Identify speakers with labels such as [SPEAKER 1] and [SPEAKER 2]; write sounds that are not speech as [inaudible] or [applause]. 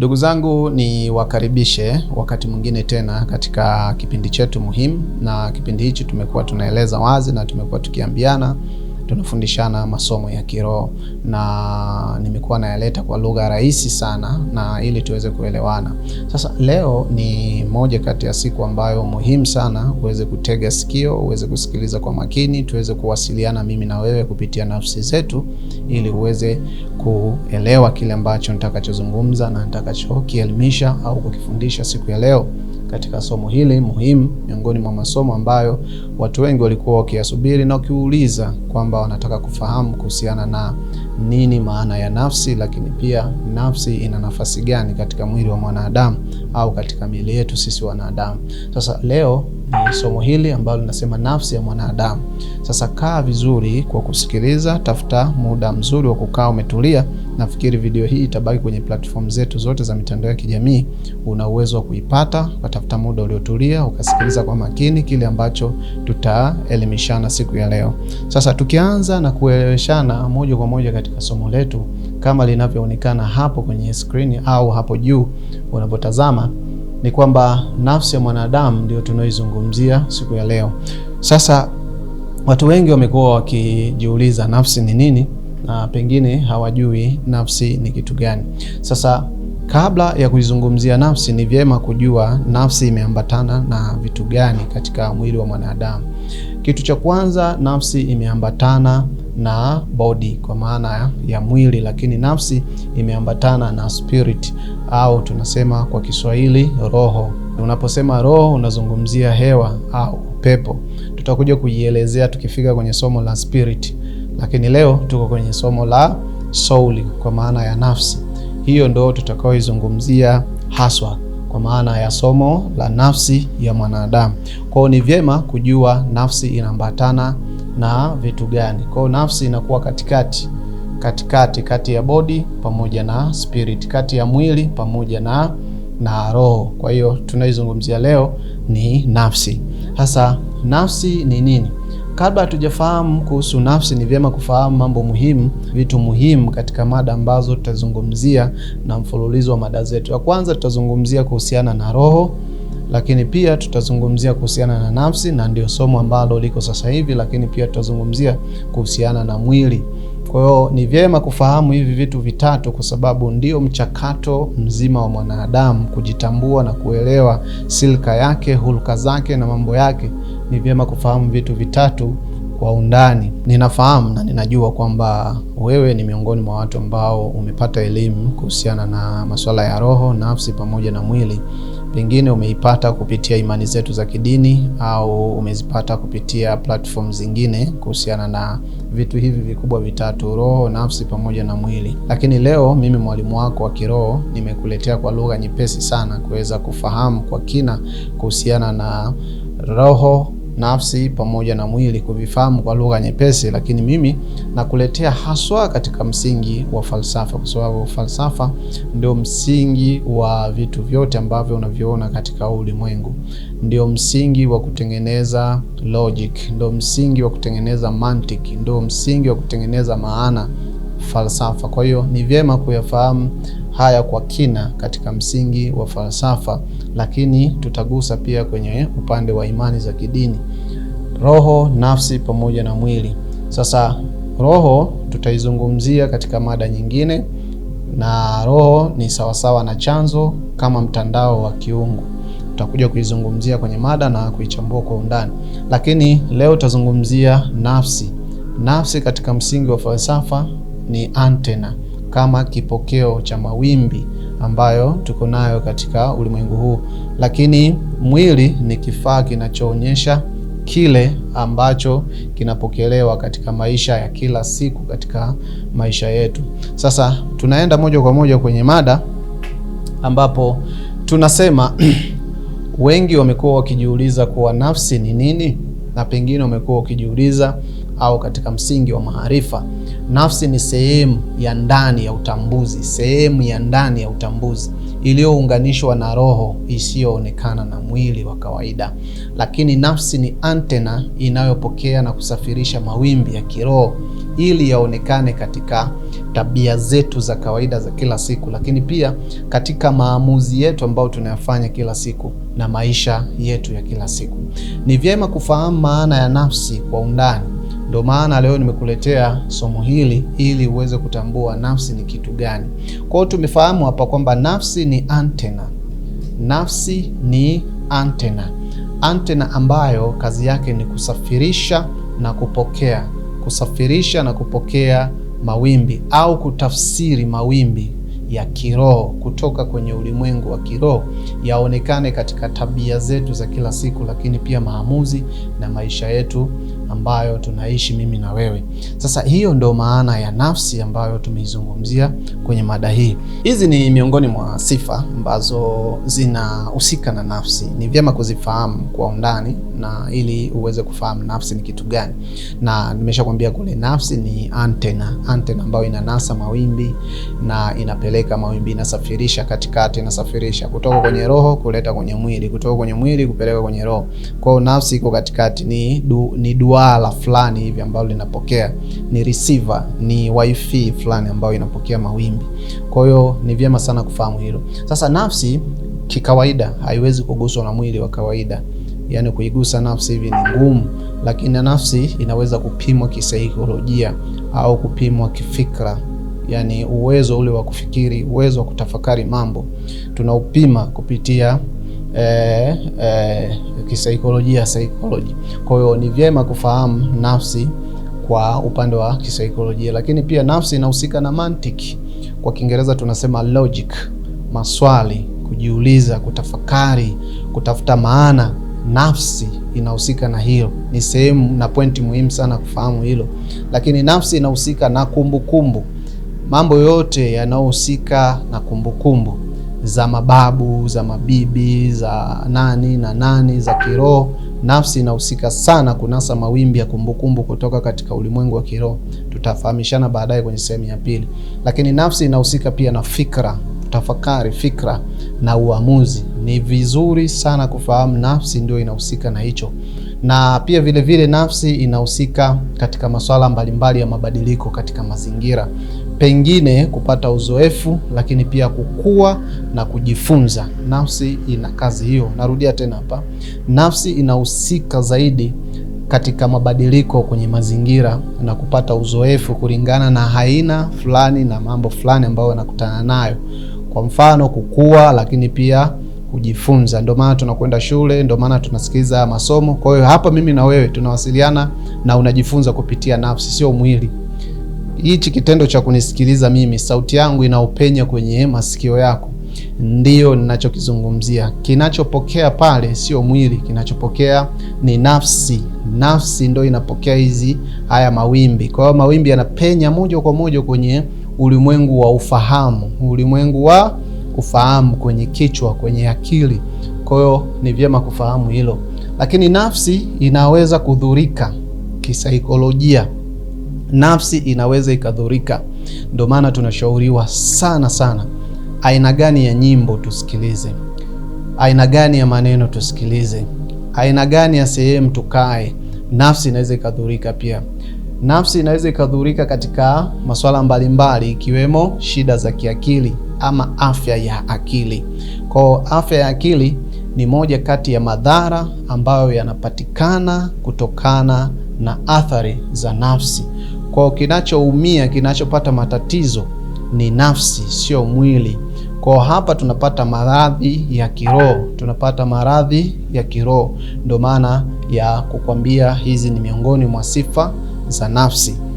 [SPEAKER 1] Ndugu zangu, ni wakaribishe wakati mwingine tena katika kipindi chetu muhimu, na kipindi hichi tumekuwa tunaeleza wazi na tumekuwa tukiambiana tunafundishana masomo ya kiroho na nimekuwa nayaleta kwa lugha rahisi sana, na ili tuweze kuelewana. Sasa leo ni moja kati ya siku ambayo muhimu sana uweze kutega sikio, uweze kusikiliza kwa makini, tuweze kuwasiliana mimi na wewe kupitia nafsi zetu, ili uweze kuelewa kile ambacho nitakachozungumza na nitakachokielimisha au kukifundisha siku ya leo katika somo hili muhimu miongoni mwa masomo ambayo watu wengi walikuwa wakiyasubiri na wakiuliza kwamba wanataka kufahamu kuhusiana na nini maana ya nafsi, lakini pia nafsi ina nafasi gani katika mwili wa mwanadamu au katika miili yetu sisi wanadamu. Sasa leo ni somo hili ambalo linasema nafsi ya mwanadamu. Sasa kaa vizuri kwa kusikiliza, tafuta muda mzuri wa kukaa umetulia. Nafikiri video hii itabaki kwenye platform zetu zote za mitandao ya kijamii, una uwezo wa kuipata. Ukatafuta muda uliotulia ukasikiliza kwa makini kile ambacho tutaelimishana siku ya leo. Sasa tukianza na kueleweshana moja kwa moja katika somo letu, kama linavyoonekana hapo kwenye skrini au hapo juu unapotazama ni kwamba nafsi ya mwanadamu ndio tunaoizungumzia siku ya leo. Sasa watu wengi wamekuwa wakijiuliza nafsi ni nini, na pengine hawajui nafsi ni kitu gani. Sasa kabla ya kuizungumzia nafsi, ni vyema kujua nafsi imeambatana na vitu gani katika mwili wa mwanadamu. Kitu cha kwanza, nafsi imeambatana na body kwa maana ya mwili, lakini nafsi imeambatana na spirit au tunasema kwa Kiswahili roho. Unaposema roho unazungumzia hewa au upepo. Tutakuja kuielezea tukifika kwenye somo la spirit, lakini leo tuko kwenye somo la soul kwa maana ya nafsi. Hiyo ndo tutakaoizungumzia haswa kwa maana ya somo la nafsi ya mwanadamu. Kwao ni vyema kujua nafsi inaambatana na vitu gani. Kwa hiyo nafsi inakuwa katikati katikati kati ya bodi pamoja na spirit, kati ya mwili pamoja na, na roho. Kwa hiyo tunaizungumzia leo ni nafsi. Sasa nafsi ni nini? Kabla hatujafahamu kuhusu nafsi, ni vyema kufahamu mambo muhimu, vitu muhimu katika mada ambazo tutazungumzia na mfululizo wa mada zetu. Ya kwanza tutazungumzia kuhusiana na roho lakini pia tutazungumzia kuhusiana na nafsi, na ndio somo ambalo liko sasa hivi, lakini pia tutazungumzia kuhusiana na mwili. Kwa hiyo ni vyema kufahamu hivi vitu vitatu, kwa sababu ndio mchakato mzima wa mwanadamu kujitambua na kuelewa silka yake, hulka zake na mambo yake. Ni vyema kufahamu vitu vitatu kwa undani. Ninafahamu na ninajua kwamba wewe ni miongoni mwa watu ambao umepata elimu kuhusiana na masuala ya roho, nafsi pamoja na mwili pengine umeipata kupitia imani zetu za kidini au umezipata kupitia platform zingine kuhusiana na vitu hivi vikubwa vitatu: roho, nafsi pamoja na mwili. Lakini leo mimi mwalimu wako wa kiroho nimekuletea kwa lugha nyepesi sana kuweza kufahamu kwa kina kuhusiana na roho nafsi pamoja na mwili, kuvifahamu kwa lugha nyepesi, lakini mimi nakuletea haswa katika msingi wa falsafa, kwa sababu falsafa ndio msingi wa vitu vyote ambavyo unaviona katika ulimwengu, ndio msingi wa kutengeneza logic, ndio msingi wa kutengeneza mantiki, ndio msingi wa kutengeneza maana falsafa. Kwa hiyo ni vyema kuyafahamu haya kwa kina katika msingi wa falsafa lakini tutagusa pia kwenye upande wa imani za kidini, roho, nafsi pamoja na mwili. Sasa roho tutaizungumzia katika mada nyingine, na roho ni sawasawa na chanzo kama mtandao wa kiungu. Tutakuja kuizungumzia kwenye mada na kuichambua kwa undani, lakini leo tutazungumzia nafsi. Nafsi katika msingi wa falsafa ni antena, kama kipokeo cha mawimbi ambayo tuko nayo katika ulimwengu huu, lakini mwili ni kifaa kinachoonyesha kile ambacho kinapokelewa katika maisha ya kila siku katika maisha yetu. Sasa tunaenda moja kwa moja kwenye mada ambapo tunasema [clears throat] wengi wamekuwa wakijiuliza kuwa nafsi ni nini, na pengine wamekuwa wakijiuliza au katika msingi wa maarifa. Nafsi ni sehemu ya ndani ya utambuzi, sehemu ya ndani ya utambuzi iliyounganishwa na roho isiyoonekana na mwili wa kawaida. Lakini nafsi ni antena inayopokea na kusafirisha mawimbi ya kiroho ili yaonekane katika tabia zetu za kawaida za kila siku, lakini pia katika maamuzi yetu ambayo tunayafanya kila siku na maisha yetu ya kila siku. Ni vyema kufahamu maana ya nafsi kwa undani ndio maana leo nimekuletea somo hili ili uweze kutambua nafsi ni kitu gani. Kwa hiyo tumefahamu hapa kwamba nafsi ni antena, nafsi ni antena, antena ambayo kazi yake ni kusafirisha na kupokea, kusafirisha na kupokea mawimbi au kutafsiri mawimbi ya kiroho kutoka kwenye ulimwengu wa kiroho yaonekane katika tabia zetu za kila siku, lakini pia maamuzi na maisha yetu ambayo tunaishi mimi na wewe. Sasa hiyo ndo maana ya nafsi ambayo tumeizungumzia kwenye mada hii. Hizi ni miongoni mwa sifa ambazo zinahusika na nafsi, ni vyema kuzifahamu kwa undani na ili uweze kufahamu nafsi ni kitu gani, na nimeshakwambia kule nafsi ni antena, antena ambayo inanasa mawimbi na inapeleka mawimbi, inasafirisha katikati, inasafirisha kutoka kwenye roho kuleta kwenye mwili, kutoka kwenye mwili kupeleka kwenye roho. Kwa hiyo nafsi iko katikati, ni du, ni dua swala fulani hivi ambalo linapokea ni receiver, ni wifi fulani ambayo inapokea mawimbi. Kwa hiyo ni vyema sana kufahamu hilo. Sasa nafsi kikawaida haiwezi kuguswa na mwili wa kawaida, yaani kuigusa nafsi hivi ni ngumu, lakini na nafsi inaweza kupimwa kisaikolojia au kupimwa kifikra yaani uwezo ule wa kufikiri, uwezo wa kutafakari mambo tunaupima kupitia eh, eh, kisaikolojia saikoloji. Kwa hiyo ni vyema kufahamu nafsi kwa upande wa kisaikolojia, lakini pia nafsi inahusika na mantiki, kwa Kiingereza tunasema logic, maswali, kujiuliza, kutafakari, kutafuta maana. Nafsi inahusika na hilo, ni sehemu na pointi muhimu sana kufahamu hilo, lakini nafsi inahusika na kumbukumbu, mambo yote yanayohusika na kumbukumbu kumbu za mababu za mabibi za nani na nani za kiroho. Nafsi inahusika sana kunasa mawimbi ya kumbukumbu kutoka katika ulimwengu wa kiroho. Tutafahamishana baadaye kwenye sehemu ya pili, lakini nafsi inahusika pia na fikra, tafakari, fikra na uamuzi. Ni vizuri sana kufahamu nafsi ndio inahusika na hicho, na pia vilevile vile nafsi inahusika katika masuala mbalimbali ya mabadiliko katika mazingira pengine kupata uzoefu, lakini pia kukua na kujifunza. Nafsi ina kazi hiyo. Narudia tena hapa, nafsi inahusika zaidi katika mabadiliko kwenye mazingira na kupata uzoefu kulingana na aina fulani na mambo fulani ambayo anakutana nayo, kwa mfano kukua, lakini pia kujifunza. Ndio maana tunakwenda shule, ndio maana tunasikiliza masomo. Kwa hiyo hapa mimi na wewe tunawasiliana na unajifunza kupitia nafsi, sio mwili hichi kitendo cha kunisikiliza mimi, sauti yangu inaopenya kwenye masikio yako, ndiyo ninachokizungumzia. Kinachopokea pale sio mwili, kinachopokea ni nafsi. Nafsi ndo inapokea hizi haya mawimbi. Kwa hiyo mawimbi yanapenya moja kwa moja kwenye ulimwengu wa ufahamu, ulimwengu wa ufahamu, kwenye kichwa, kwenye akili. Kwa hiyo ni vyema kufahamu hilo, lakini nafsi inaweza kudhurika kisaikolojia nafsi inaweza ikadhurika. Ndio maana tunashauriwa sana sana aina gani ya nyimbo tusikilize, aina gani ya maneno tusikilize, aina gani ya sehemu tukae. Nafsi inaweza ikadhurika pia. Nafsi inaweza ikadhurika katika masuala mbalimbali, ikiwemo shida za kiakili ama afya ya akili. Kwa afya ya akili ni moja kati ya madhara ambayo yanapatikana kutokana na athari za nafsi. Kwao kinachoumia, kinachopata matatizo ni nafsi, sio mwili. Kwao hapa tunapata maradhi ya kiroho, tunapata maradhi ya kiroho. Ndio maana ya kukwambia hizi ni miongoni mwa sifa za nafsi.